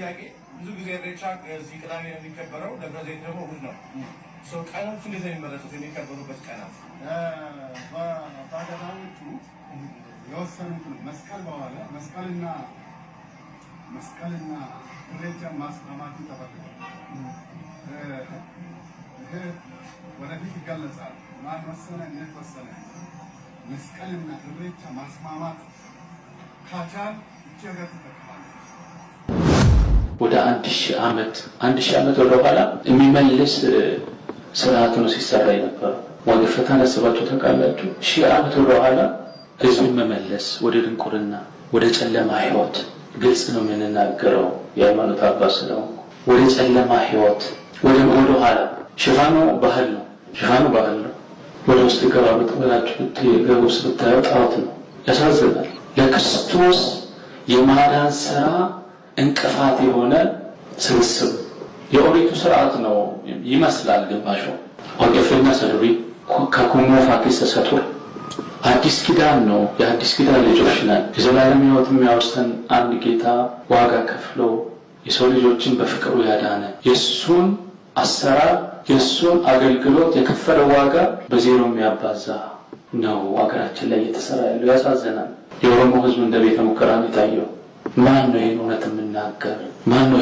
ጥያቄ ብዙ ጊዜ ሬቻ እዚህ ቅዳሜ ነው የሚከበረው፣ ደብረ ዘይት ደግሞ እሑድ ነው። ቀኖቹ እንዴት ነው የሚመረጡት? የሚከበሩበት ቀናት በአጋጣሚዎቹ የወሰኑት መስቀል በኋላ መስቀልና መስቀልና ኢሬቻ ማስማማትን ተፈልጓል። ወደፊት ይገለጻል። ማን ወሰነ? እንዴት ወሰነ? መስቀልና ኢሬቻ ማስማማት ካቻል እቺ ገጽታ ወደ አንድ ሺህ ዓመት አንድ ሺህ ዓመት ወደኋላ የሚመልስ ስርዓት ነው ሲሰራ የነበረው። ወገፈት ነስባቸው ተቃላችሁ ሺህ ዓመት ወደኋላ ህዝብን መመለስ ወደ ድንቁርና፣ ወደ ጨለማ ህይወት። ግልጽ ነው የምንናገረው የሃይማኖት አባት ስለው ወደ ጨለማ ህይወት ወደ ወደኋላ ሽፋኑ ባህል ነው። ሽፋኑ ባህል ነው። ወደ ውስጥ ገባ ብትበላችሁ ገብ ውስጥ ብታየው ጣዖት ነው። ያሳዝናል። ለክርስቶስ የማዳን ስራ እንቅፋት የሆነ ስብስብ የኦሪቱ ስርዓት ነው ይመስላል። ግማሹ ወቅፍና ሰዱሪ ከኩሞ ፋኪስ ሰቱር አዲስ ኪዳን ነው። የአዲስ ኪዳን ልጆች ነን። የዘላለም ህይወት የሚያወርሰን አንድ ጌታ ዋጋ ከፍሎ የሰው ልጆችን በፍቅሩ ያዳነ የእሱን አሰራር የእሱን አገልግሎት የከፈለ ዋጋ በዜሮ የሚያባዛ ነው። ሀገራችን ላይ እየተሰራ ያለው ያሳዘናል የኦሮሞ ሕዝብ እንደ ቤተ ሙከራ የታየው ማን ነው ይህን እውነት የምናገር ማን ነው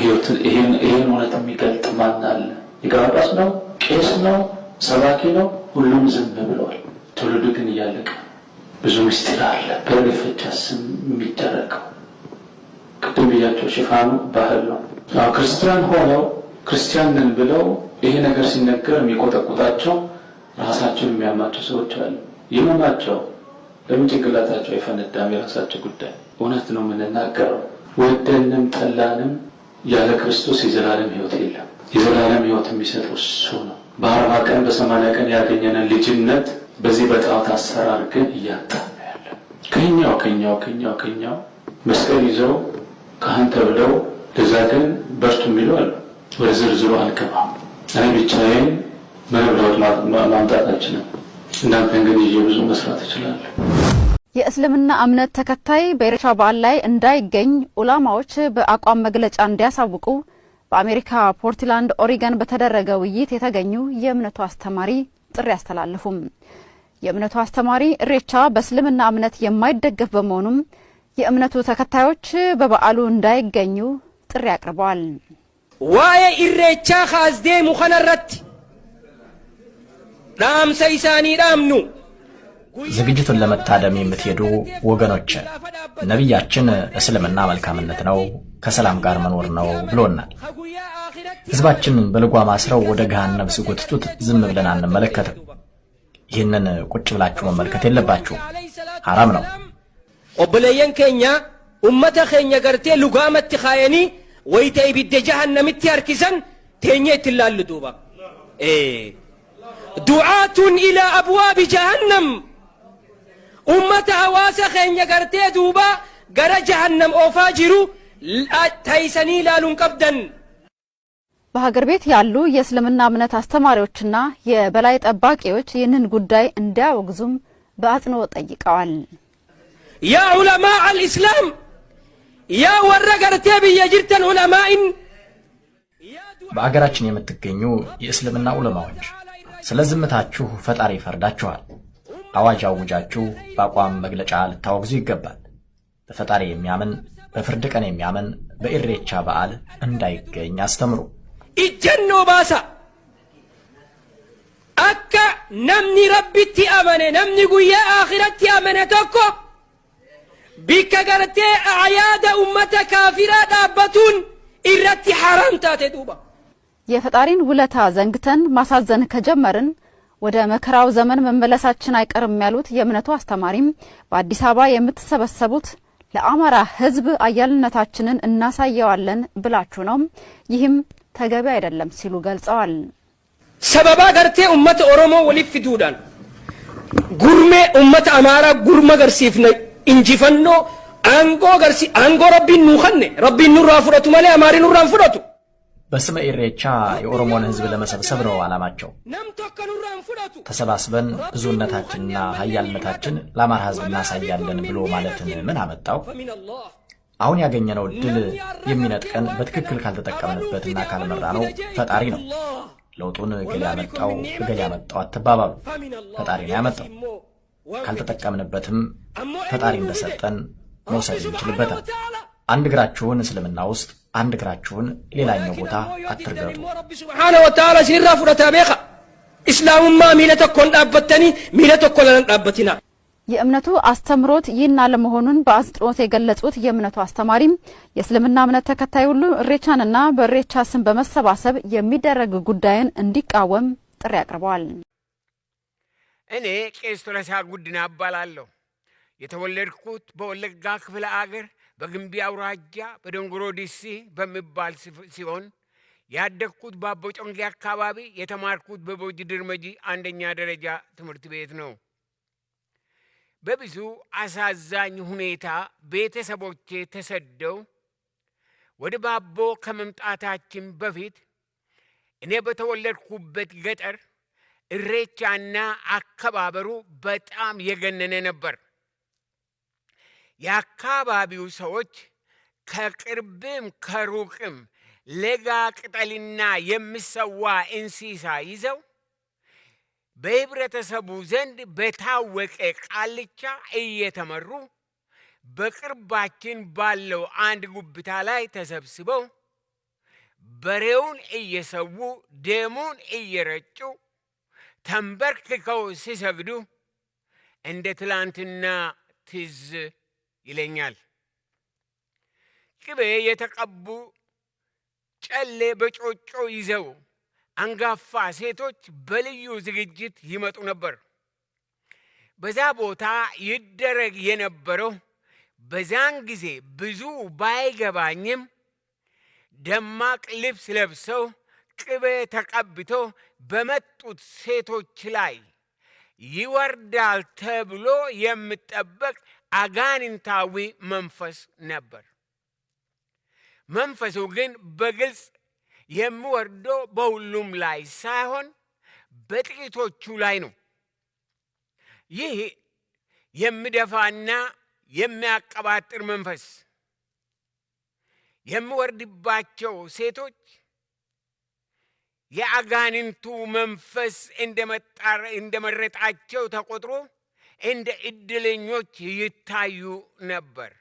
ይህን እውነት የሚገልጥ? ማን አለ? ሊቀ ነው? ቄስ ነው? ሰባኪ ነው? ሁሉም ዝም ብለዋል። ትውልዱ ግን እያለቀ ብዙ ምስጢር አለ። በልፍቻ ስም የሚደረገው ቅድም ብያቸው ሽፋኑ ባህል ነው። ክርስቲያን ሆነው ክርስቲያን ነን ብለው ይሄ ነገር ሲነገር የሚቆጠቁጣቸው ራሳቸውን የሚያማቸው ሰዎች አሉ። ይመማቸው ለምን ጭንቅላታቸው አይፈነዳም? የራሳቸው ጉዳይ እውነት ነው የምንናገረው። ወደንም ጠላንም ያለ ክርስቶስ የዘላለም ህይወት የለም። የዘላለም ህይወት የሚሰጥ እሱ ነው። በአርባ ቀን በሰማንያ ቀን ያገኘንን ልጅነት በዚህ በጣዖት አሰራር ግን እያጣ ያለ ከኛው ከኛው ከኛው ከኛው መስቀል ይዘው ካህን ተብለው ለዛ ግን በርቱ የሚለው አለ። ወደ ዝርዝሩ አልገባም። እኔ ብቻዬን ምንም ለውጥ ማምጣት አልችልም። እናንተን ግን ይዤ ብዙ መስራት እችላለሁ። የእስልምና እምነት ተከታይ በኢሬቻ በዓል ላይ እንዳይገኝ ኡላማዎች በአቋም መግለጫ እንዲያሳውቁ በአሜሪካ ፖርትላንድ ኦሪገን በተደረገ ውይይት የተገኙ የእምነቱ አስተማሪ ጥሪ አስተላለፉም። የእምነቱ አስተማሪ ኢሬቻ በእስልምና እምነት የማይደገፍ በመሆኑም የእምነቱ ተከታዮች በበዓሉ እንዳይገኙ ጥሪ አቅርበዋል። ዋየ ኢሬቻ ካዝዴ ሙኸነረት ዳምሰ ዳምኑ ዝግጅቱን ለመታደም የምትሄዱ ወገኖች ነቢያችን እስልምና መልካምነት ነው፣ ከሰላም ጋር መኖር ነው ብሎናል። ህዝባችን በልጓም አስረው ወደ ገሃነም ሲጎትቱት ዝም ብለን አንመለከትም። ይህንን ቁጭ ብላችሁ መመልከት የለባችሁ ሐራም ነው። ኦብለየን ከኛ ኡመተ ኬኛ ገርቴ ሉጋመት ካየኒ ወይተ ኢብደ ጀሃነምት ያርኪሰን ቴኘ ይትላል ዱባ ዱዓቱን ኢላ አብዋብ ጀሃነም ummata hawaasa keenya gartee duuba gara jahannam oofaa jiru taayisanii ilaaluun qabdan. በሀገር ቤት ያሉ የእስልምና እምነት አስተማሪዎችና የበላይ ጠባቂዎች ይህንን ጉዳይ እንዲያወግዙም በአጽንኦ ጠይቀዋል። ያ ዑለማ አልእስላም ያ ወረ ገርቴ ብየ ጅርተን ዑለማኢን በአገራችን የምትገኙ የእስልምና ዑለማዎች ስለ ዝምታችሁ ፈጣሪ ይፈርዳችኋል። አዋጅ አውጃችሁ በአቋም መግለጫ ልታወግዙ ይገባል። በፈጣሪ የሚያምን በፍርድ ቀን የሚያምን በኢሬቻ በዓል እንዳይገኝ አስተምሩ። ኢጀኖ ባሳ አከ ነምኒ ረቢቲ አመነ ነምኒ ጉያ አኺረቲ አመነ ተኮ ቢከ ገርቴ አዕያደ ኡመተ ካፊራ ዳበቱን ኢረቲ ሐራም ታቴ ዱባ የፈጣሪን ውለታ ዘንግተን ማሳዘን ከጀመርን ወደ መከራው ዘመን መመለሳችን አይቀርም ያሉት የእምነቱ አስተማሪም በአዲስ አበባ የምትሰበሰቡት ለአማራ ሕዝብ አያልነታችንን እናሳየዋለን ብላችሁ ነው፣ ይህም ተገቢ አይደለም ሲሉ ገልጸዋል። ሰበባ ገርቴ ኡመት ኦሮሞ ወሊፍዱዳን ጉርሜ ኡመት አማራ ጉርመ ገርሲፍ ነ እንጂፈኖ አንጎ ገርሲ አንጎ ረቢ ኑኸኔ ረቢ ኑራ ፍረቱ መሌ አማሪ ኑራን ፍረቱ በስመ ኢሬቻ የኦሮሞን ህዝብ ለመሰብሰብ ነው አላማቸው። ተሰባስበን ብዙነታችንና ሀያልነታችን ለአማራ ህዝብ እናሳያለን ብሎ ማለትን ምን አመጣው? አሁን ያገኘነው ድል የሚነጥቀን በትክክል ካልተጠቀምንበትና ካልመራ ነው ፈጣሪ ነው። ለውጡን እገሌ ያመጣው እገሌ ያመጣው አትባባሉ። ፈጣሪ ነው ያመጣው። ካልተጠቀምንበትም ፈጣሪ እንደሰጠን መውሰድ እንችልበታል። አንድ እግራችሁን እስልምና ውስጥ አንድ እግራችሁን ሌላኛው ቦታ አትርገጡ። ሱብሓነ ወተዓላ ሲራ ፉረታ ቤኻ እስላሙማ ሚለ ተኮን ዳበተኒ ሚለ ተኮ ለለን የእምነቱ አስተምሮት ይህን አለመሆኑን በአጽንኦት የገለጹት የእምነቱ አስተማሪም የእስልምና እምነት ተከታይ ሁሉ እሬቻንና በእሬቻ ስም በመሰባሰብ የሚደረግ ጉዳይን እንዲቃወም ጥሪ አቅርበዋል። እኔ ቄስ ቱለሳ ጉድና እባላለሁ። የተወለድኩት በወለጋ ክፍለ አገር በግንቢ አውራጃ በደንጎሮ ዲሲ በሚባል ሲሆን ያደግኩት በአቦ ጮንጌ አካባቢ፣ የተማርኩት በቦጅ ድርመጂ አንደኛ ደረጃ ትምህርት ቤት ነው። በብዙ አሳዛኝ ሁኔታ ቤተሰቦቼ ተሰደው ወደ ባቦ ከመምጣታችን በፊት እኔ በተወለድኩበት ገጠር እሬቻና አከባበሩ በጣም የገነነ ነበር። የአካባቢው ሰዎች ከቅርብም ከሩቅም ሌጋ ቅጠልና የሚሰዋ እንስሳ ይዘው በህብረተሰቡ ዘንድ በታወቀ ቃልቻ እየተመሩ በቅርባችን ባለው አንድ ጉብታ ላይ ተሰብስበው በሬውን እየሰዉ ደሙን እየረጩ ተንበርክከው ሲሰግዱ እንደ ትላንትና ትዝ ይለኛል። ቅቤ የተቀቡ ጨሌ በጮጮ ይዘው አንጋፋ ሴቶች በልዩ ዝግጅት ይመጡ ነበር። በዛ ቦታ ይደረግ የነበረው በዛን ጊዜ ብዙ ባይገባኝም ደማቅ ልብስ ለብሰው ቅቤ ተቀብቶ በመጡት ሴቶች ላይ ይወርዳል ተብሎ የሚጠበቅ አጋንንታዊ መንፈስ ነበር። መንፈሱ ግን በግልጽ የሚወርደው በሁሉም ላይ ሳይሆን በጥቂቶቹ ላይ ነው። ይህ የሚደፋና የሚያቀባጥር መንፈስ የሚወርድባቸው ሴቶች የአጋንንቱ መንፈስ እንደመረጣቸው ተቆጥሮ እንደ እድለኞች ይታዩ ነበር።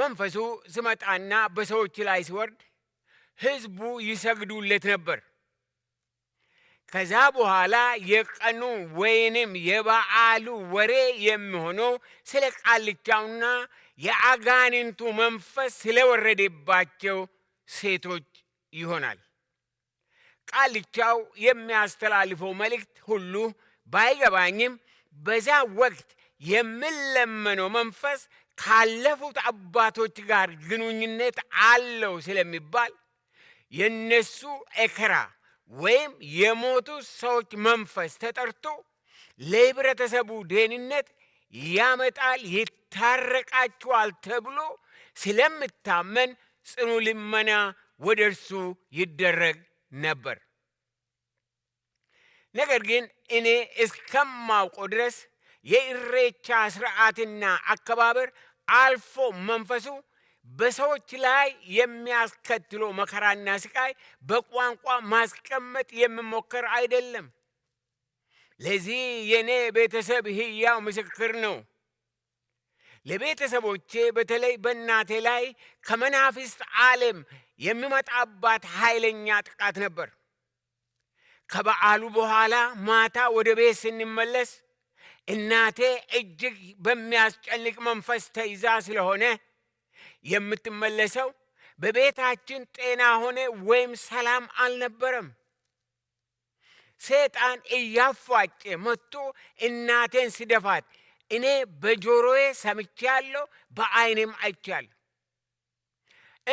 መንፈሱ ሲመጣና በሰዎች ላይ ሲወርድ ሕዝቡ ይሰግዱለት ነበር። ከዛ በኋላ የቀኑ ወይንም የበዓሉ ወሬ የሚሆነው ስለ ቃልቻውና የአጋንንቱ መንፈስ ስለወረደባቸው ሴቶች ይሆናል። ቃልቻው የሚያስተላልፈው መልእክት ሁሉ ባይገባኝም በዛ ወቅት የምለመነው መንፈስ ካለፉት አባቶች ጋር ግንኙነት አለው ስለሚባል የነሱ እክራ ወይም የሞቱ ሰዎች መንፈስ ተጠርቶ ለህብረተሰቡ ደህንነት ያመጣል፣ ይታረቃችኋል ተብሎ ስለምታመን ጽኑ ልመና ወደ እርሱ ይደረግ ነበር። ነገር ግን እኔ እስከማውቆ ድረስ የኢሬቻ ስርዓትና አከባበር አልፎ መንፈሱ በሰዎች ላይ የሚያስከትሎ መከራና ስቃይ በቋንቋ ማስቀመጥ የሚሞከር አይደለም። ለዚህ የኔ ቤተሰብ ህያው ምስክር ነው። ለቤተሰቦቼ በተለይ በእናቴ ላይ ከመናፍስት ዓለም የሚመጣባት ኃይለኛ ጥቃት ነበር። ከበዓሉ በኋላ ማታ ወደ ቤት ስንመለስ እናቴ እጅግ በሚያስጨንቅ መንፈስ ተይዛ ስለሆነ የምትመለሰው በቤታችን ጤና ሆነ ወይም ሰላም አልነበረም። ሰይጣን እያፏጨ መጥቶ እናቴን ስደፋት እኔ በጆሮዬ ሰምቻለሁ፣ በዓይኔም አይቻል።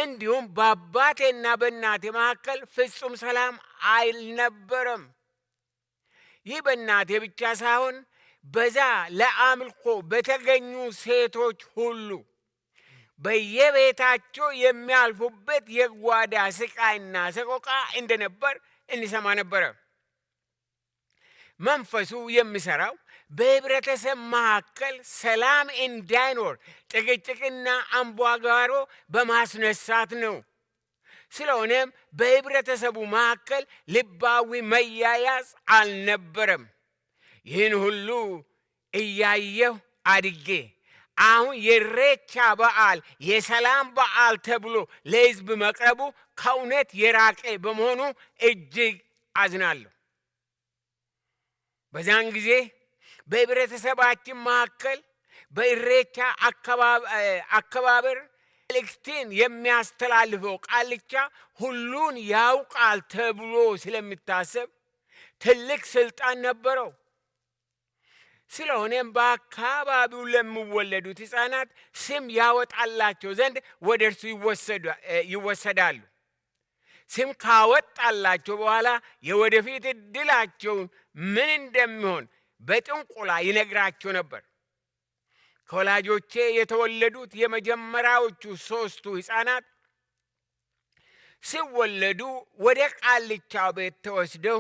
እንዲሁም በአባቴና በእናቴ መካከል ፍጹም ሰላም አልነበረም። ይህ በእናቴ ብቻ ሳይሆን በዛ ለአምልኮ በተገኙ ሴቶች ሁሉ በየቤታቸው የሚያልፉበት የጓዳ ስቃይና ሰቆቃ እንደነበር እንሰማ ነበረ። መንፈሱ የሚሰራው በህብረተሰብ መካከል ሰላም እንዳይኖር ጭቅጭቅና አምቧጋሮ በማስነሳት ነው። ስለሆነም በህብረተሰቡ መካከል ልባዊ መያያዝ አልነበረም። ይህን ሁሉ እያየሁ አድጌ አሁን የሬቻ በዓል የሰላም በዓል ተብሎ ለህዝብ መቅረቡ ከእውነት የራቀ በመሆኑ እጅግ አዝናለሁ። በዛን ጊዜ በህብረተሰባችን መካከል በኢሬቻ አከባበር መልእክትን የሚያስተላልፈው ቃልቻ ሁሉን ያውቃል ተብሎ ስለሚታሰብ ትልቅ ስልጣን ነበረው። ስለሆነም በአካባቢው ለሚወለዱት ህፃናት ስም ያወጣላቸው ዘንድ ወደ እርሱ ይወሰዳሉ። ስም ካወጣላቸው በኋላ የወደፊት ዕድላቸውን ምን እንደሚሆን በጥንቁላ ይነግራቸው ነበር። ከወላጆቼ የተወለዱት የመጀመሪያዎቹ ሦስቱ ሕፃናት ሲወለዱ ወደ ቃልቻ ቤት ተወስደው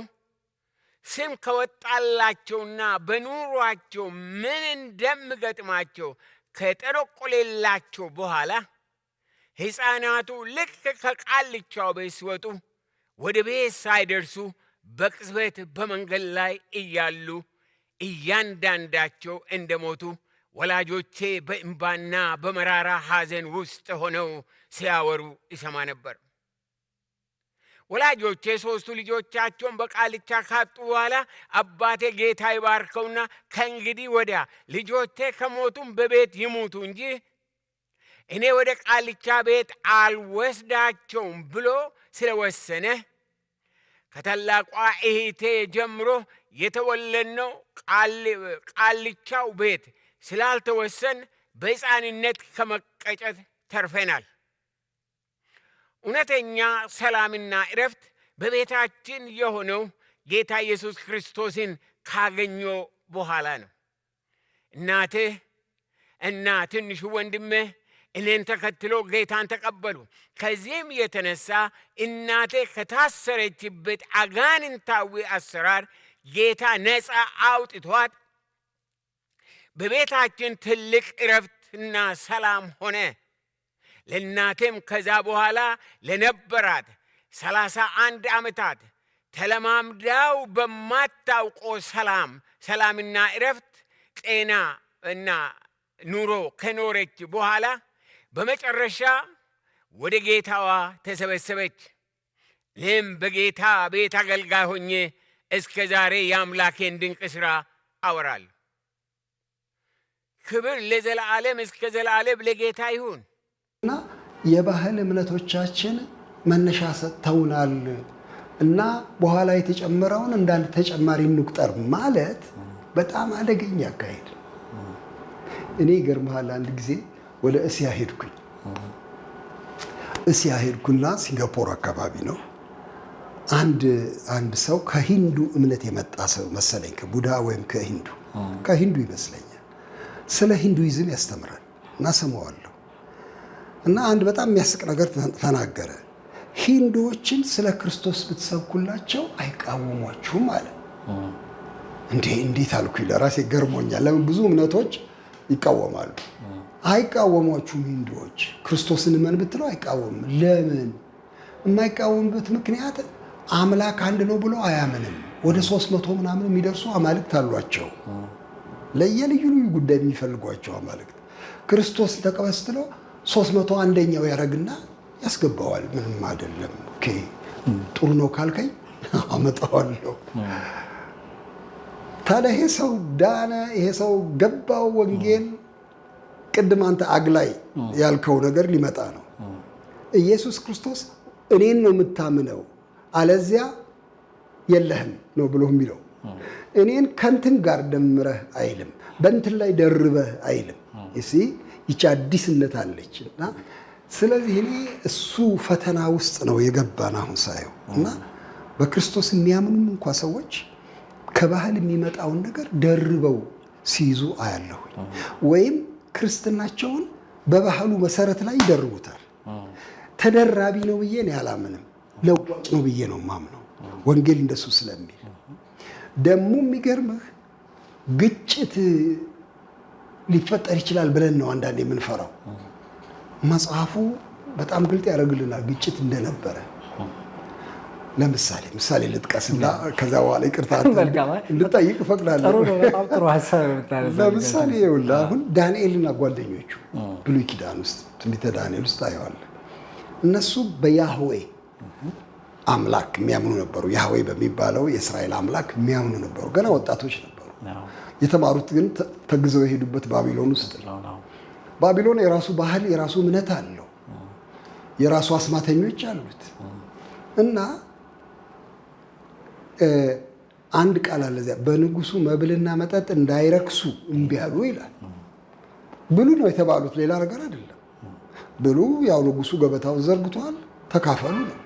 ስም ከወጣላቸውና በኑሯቸው ምን እንደምገጥማቸው ከጠረቆሌላቸው በኋላ ሕፃናቱ ልክ ከቃልቻው ቤት ሲወጡ ወደ ቤት ሳይደርሱ በቅጽበት በመንገድ ላይ እያሉ እያንዳንዳቸው እንደሞቱ ወላጆቼ በእንባና በመራራ ሐዘን ውስጥ ሆነው ሲያወሩ ይሰማ ነበር። ወላጆቼ ሦስቱ ልጆቻቸውን በቃልቻ ካጡ በኋላ አባቴ ጌታ ይባርከውና ከእንግዲህ ወዲያ ልጆቼ ከሞቱም በቤት ይሙቱ እንጂ እኔ ወደ ቃልቻ ቤት አልወስዳቸውም ብሎ ስለወሰነ ከታላቋ እህቴ ጀምሮ የተወለድነው ቃልቻው ቤት ስላልተወሰን በሕፃንነት ከመቀጨት ተርፈናል። እውነተኛ ሰላምና እረፍት በቤታችን የሆነው ጌታ ኢየሱስ ክርስቶስን ካገኘ በኋላ ነው። እናትህ እና ትንሹ ወንድምህ እኔን ተከትሎ ጌታን ተቀበሉ። ከዚህም የተነሳ እናቴ ከታሰረችበት አጋንንታዊ አሰራር ጌታ ነፃ አውጥቷት በቤታችን ትልቅ እረፍትና ሰላም ሆነ። ለእናቴም ከዛ በኋላ ለነበራት ሰላሳ አንድ ዓመታት ተለማምዳው በማታውቆ ሰላም ሰላምና እረፍት ጤና እና ኑሮ ከኖረች በኋላ በመጨረሻ ወደ ጌታዋ ተሰበሰበች። እኔም በጌታ ቤት አገልጋይ ሆኜ እስከ ዛሬ የአምላኬን ድንቅ ሥራ አወራል። ክብር ለዘላለም እስከ ዘላለም ለጌታ ይሁን እና የባህል እምነቶቻችን መነሻ ሰጥተውናል እና በኋላ የተጨመረውን እንዳንድ ተጨማሪ እንቁጠር ማለት በጣም አደገኛ አካሄድ። እኔ ይገርምሃል፣ አንድ ጊዜ ወደ እስያ ሄድኩኝ። እስያ ሄድኩና ሲንጋፖር አካባቢ ነው አንድ አንድ ሰው ከሂንዱ እምነት የመጣ ሰው መሰለኝ፣ ከቡዳ ወይም ከሂንዱ ከሂንዱ ይመስለኝ ስለ ሂንዱይዝም ያስተምራል እና ሰማዋለሁ እና አንድ በጣም የሚያስቅ ነገር ተናገረ። ሂንዱዎችን ስለ ክርስቶስ ብትሰብኩላቸው አይቃወሟችሁም አለ። እንዴ እንዴት አልኩኝ፣ ለራሴ ገርሞኛል። ለምን ብዙ እምነቶች ይቃወማሉ። አይቃወሟችሁም ሂንዱዎች ክርስቶስን እመን ብትለው አይቃወምም። ለምን የማይቃወምበት ምክንያት አምላክ አንድ ነው ብሎ አያምንም። ወደ ሶስት መቶ ምናምን የሚደርሱ አማልክት አሏቸው። ለየልዩ ልዩ ጉዳይ የሚፈልጓቸው አማልክት ክርስቶስ ተቀበስትሎ ሶስት መቶ አንደኛው ያደረግና ያስገባዋል። ምንም አይደለም። ኦኬ ጥሩ ነው ካልከኝ አመጣዋለሁ። ታዲያ ይሄ ሰው ዳነ፣ ይሄ ሰው ገባው ወንጌል። ቅድም አንተ አግላይ ያልከው ነገር ሊመጣ ነው። ኢየሱስ ክርስቶስ እኔን ነው የምታምነው፣ አለዚያ የለህም ነው ብሎ የሚለው እኔን ከንትን ጋር ደምረህ አይልም፣ በንትን ላይ ደርበህ አይልም። እሺ ይቺ አዲስነት አለች እና ስለዚህ እኔ እሱ ፈተና ውስጥ ነው የገባን አሁን ሳየው እና በክርስቶስ የሚያምኑም እንኳ ሰዎች ከባህል የሚመጣውን ነገር ደርበው ሲይዙ አያለሁ ወይም ክርስትናቸውን በባህሉ መሰረት ላይ ይደርቡታል። ተደራቢ ነው ብዬ ነው ያላምንም፣ ለዋጭ ነው ብዬ ነው ማምነው ወንጌል እንደሱ ስለሚል ደግሞ የሚገርምህ ግጭት ሊፈጠር ይችላል ብለን ነው አንዳንድ የምንፈራው። መጽሐፉ በጣም ግልጥ ያደርግልናል ግጭት እንደነበረ። ለምሳሌ ምሳሌ ልጥቀስና ከዛ በኋላ ይቅርታ ልጠይቅ እፈቅዳለሁ። ለምሳሌ ይኸውልህ አሁን ዳንኤልና ጓደኞቹ ብሉይ ኪዳን ውስጥ ትንቢተ ዳንኤል ውስጥ ታየዋለህ። እነሱ በያህዌ አምላክ የሚያምኑ ነበሩ። ያህዌ በሚባለው የእስራኤል አምላክ የሚያምኑ ነበሩ። ገና ወጣቶች ነበሩ። የተማሩት ግን ተግዘው የሄዱበት ባቢሎን ውስጥ ባቢሎን የራሱ ባህል፣ የራሱ እምነት አለው። የራሱ አስማተኞች አሉት እና አንድ ቃል አለ እዚያ በንጉሱ መብልና መጠጥ እንዳይረክሱ እምቢ ይላል። ብሉ ነው የተባሉት፣ ሌላ ነገር አይደለም። ብሉ ያው ንጉሱ ገበታው ዘርግቷል፣ ተካፈሉ ነው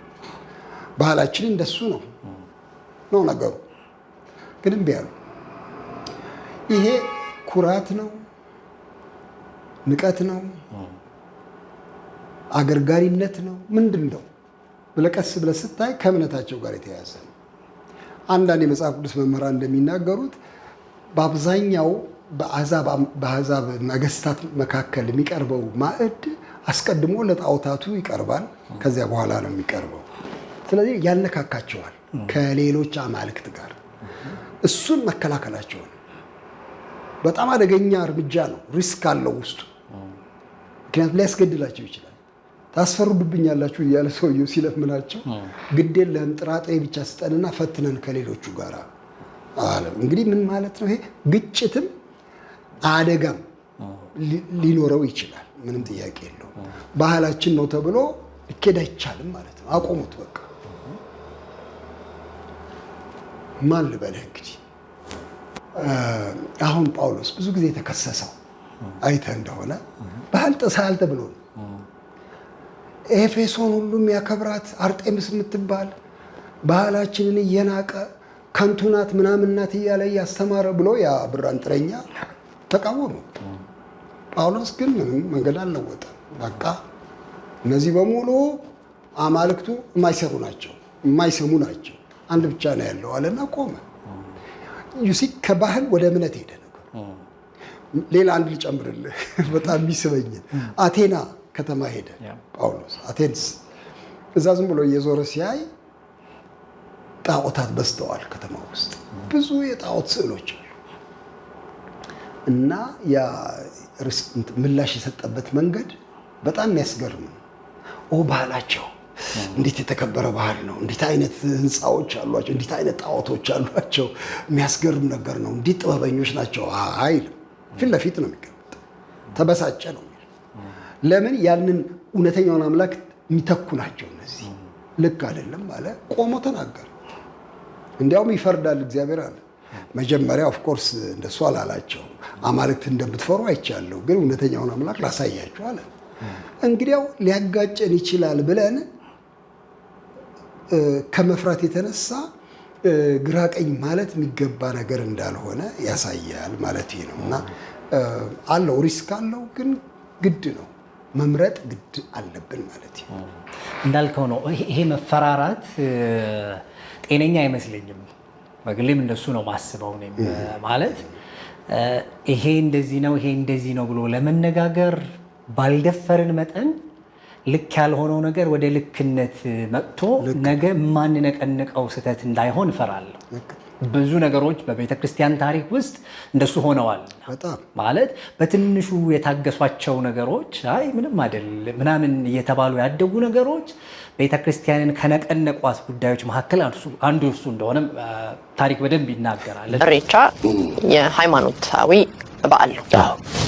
ባህላችን እንደሱ ነው ነው ነገሩ። ግን እምቢ አሉ። ይሄ ኩራት ነው፣ ንቀት ነው፣ አገርጋሪነት ነው። ምንድን ነው ብለህ ቀስ ብለህ ስታይ ከእምነታቸው ጋር የተያያዘ ነው። አንዳንድ የመጽሐፍ ቅዱስ መምህራን እንደሚናገሩት በአብዛኛው በአሕዛብ ነገስታት መካከል የሚቀርበው ማዕድ አስቀድሞ ለጣዖታቱ ይቀርባል። ከዚያ በኋላ ነው የሚቀርበው። ስለዚህ ያነካካቸዋል ከሌሎች አማልክት ጋር። እሱን መከላከላቸውን በጣም አደገኛ እርምጃ ነው፣ ሪስክ አለው ውስጡ። ምክንያቱም ሊያስገድላቸው ይችላል። ታስፈርዱብኛላችሁ እያለ ሰውየው ሲለምናቸው ግድ የለህም ጥራጥሬ ብቻ ስጠንና ፈትነን ከሌሎቹ ጋር አለ። እንግዲህ ምን ማለት ነው ይሄ? ግጭትም አደጋም ሊኖረው ይችላል። ምንም ጥያቄ የለው። ባህላችን ነው ተብሎ ሊኬድ አይቻልም ማለት ነው። አቆሙት በቃ ማን ልበልህ እንግዲህ አሁን ጳውሎስ ብዙ ጊዜ የተከሰሰው አይተ እንደሆነ ባህል ጥሰሃል ተብሎ ነው። ኤፌሶን ሁሉም ያከብራት አርጤምስ የምትባል ባህላችንን እየናቀ ከንቱናት ምናምናት እያለ እያስተማረ ብሎ ያ ጥረኛ ተቃወሙ። ጳውሎስ ግን ምንም መንገድ አልለወጠ። በቃ እነዚህ በሙሉ አማልክቱ የማይሰሩ ናቸው፣ የማይሰሙ ናቸው አንድ ብቻ ነው ያለው አለና ቆመ። ዩሲ ከባህል ወደ እምነት ሄደ ነበር። ሌላ አንድ ልጨምርልህ፣ በጣም የሚስበኝ አቴና ከተማ ሄደ ጳውሎስ አቴንስ። እዛ ዝም ብሎ እየዞረ ሲያይ ጣዖታት በዝተዋል ከተማ ውስጥ ብዙ የጣዖት ስዕሎች አሉ። እና ያ ምላሽ የሰጠበት መንገድ በጣም የሚያስገርም ነው። ኦ ባህላቸው እንዴት የተከበረ ባህል ነው! እንዴት አይነት ህንፃዎች አሏቸው! እንዴት አይነት ጣዖቶች አሏቸው! የሚያስገርም ነገር ነው። እንዴት ጥበበኞች ናቸው አይልም። ፊት ለፊት ነው የሚቀመጥ። ተበሳጨ ነው። ለምን ያንን እውነተኛውን አምላክ የሚተኩ ናቸው እነዚህ። ልክ አይደለም አለ። ቆሞ ተናገር። እንዲያውም ይፈርዳል እግዚአብሔር አለ። መጀመሪያ ኦፍኮርስ እንደሱ አላላቸው። አማልክት እንደምትፈሩ አይቻለሁ፣ ግን እውነተኛውን አምላክ ላሳያችሁ አለ። እንግዲያው ሊያጋጨን ይችላል ብለን ከመፍራት የተነሳ ግራ ቀኝ ማለት የሚገባ ነገር እንዳልሆነ ያሳያል ማለት ነው። እና አለው ሪስክ አለው፣ ግን ግድ ነው መምረጥ ግድ አለብን ማለት ነው። እንዳልከው ነው። ይሄ መፈራራት ጤነኛ አይመስለኝም። በግሌም እንደሱ ነው ማስበው ማለት ይሄ እንደዚህ ነው ይሄ እንደዚህ ነው ብሎ ለመነጋገር ባልደፈርን መጠን ልክ ያልሆነው ነገር ወደ ልክነት መጥቶ ነገ የማንነቀንቀው ስህተት እንዳይሆን እፈራለሁ። ብዙ ነገሮች በቤተ ክርስቲያን ታሪክ ውስጥ እንደሱ ሆነዋል። ማለት በትንሹ የታገሷቸው ነገሮች አይ ምንም አይደል ምናምን እየተባሉ ያደጉ ነገሮች ቤተ ክርስቲያንን ከነቀነቋት ጉዳዮች መካከል አንዱ እሱ እንደሆነ ታሪክ በደንብ ይናገራል። እሬቻ የሃይማኖታዊ በዓል ነው።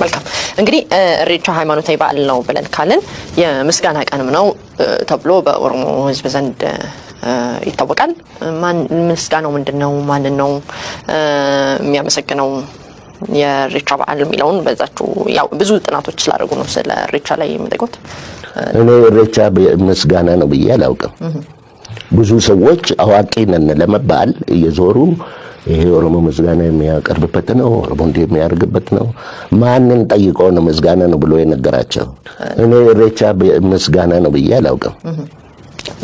መልካም እንግዲህ እሬቻ ሃይማኖታዊ በዓል ነው ብለን ካልን የምስጋና ቀንም ነው ተብሎ በኦሮሞ ሕዝብ ዘንድ ይታወቃል። ምስጋናው ምንድን ነው? ማን ነው የሚያመሰግነው? የሬቻ በዓል የሚለውን በዛችሁ ያው ብዙ ጥናቶች ስላደረጉ ነው ስለ ሬቻ ላይ የሚጠቁት። እኔ ሬቻ ምስጋና ነው ብዬ አላውቅም። ብዙ ሰዎች አዋቂ ነን ለመባል እየዞሩ ይሄ ኦሮሞ ምስጋና የሚያቀርብበት ነው፣ ኦሮሞ እንዲህ የሚያደርግበት ነው። ማንን ጠይቀው ነው ምስጋና ነው ብሎ የነገራቸው? እኔ ሬቻ ምስጋና ነው ብዬ አላውቅም።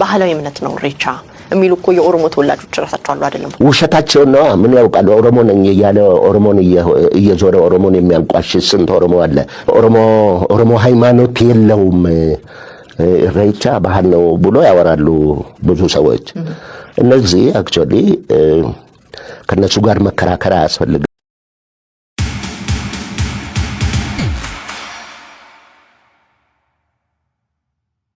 ባህላዊ እምነት ነው ሬቻ የሚሉ እኮ የኦሮሞ ተወላጆች እራሳቸው አሉ። አይደለም ውሸታቸውን ነው። ምን ያውቃሉ? ኦሮሞ ነኝ እያለ ኦሮሞን እየዞረ ኦሮሞን የሚያንቋሽ ስንት ኦሮሞ አለ። ኦሮሞ ሃይማኖት የለውም ሬቻ ባህል ነው ብሎ ያወራሉ ብዙ ሰዎች። እነዚህ አክቹዋሊ ከእነሱ ጋር መከራከር አያስፈልግም።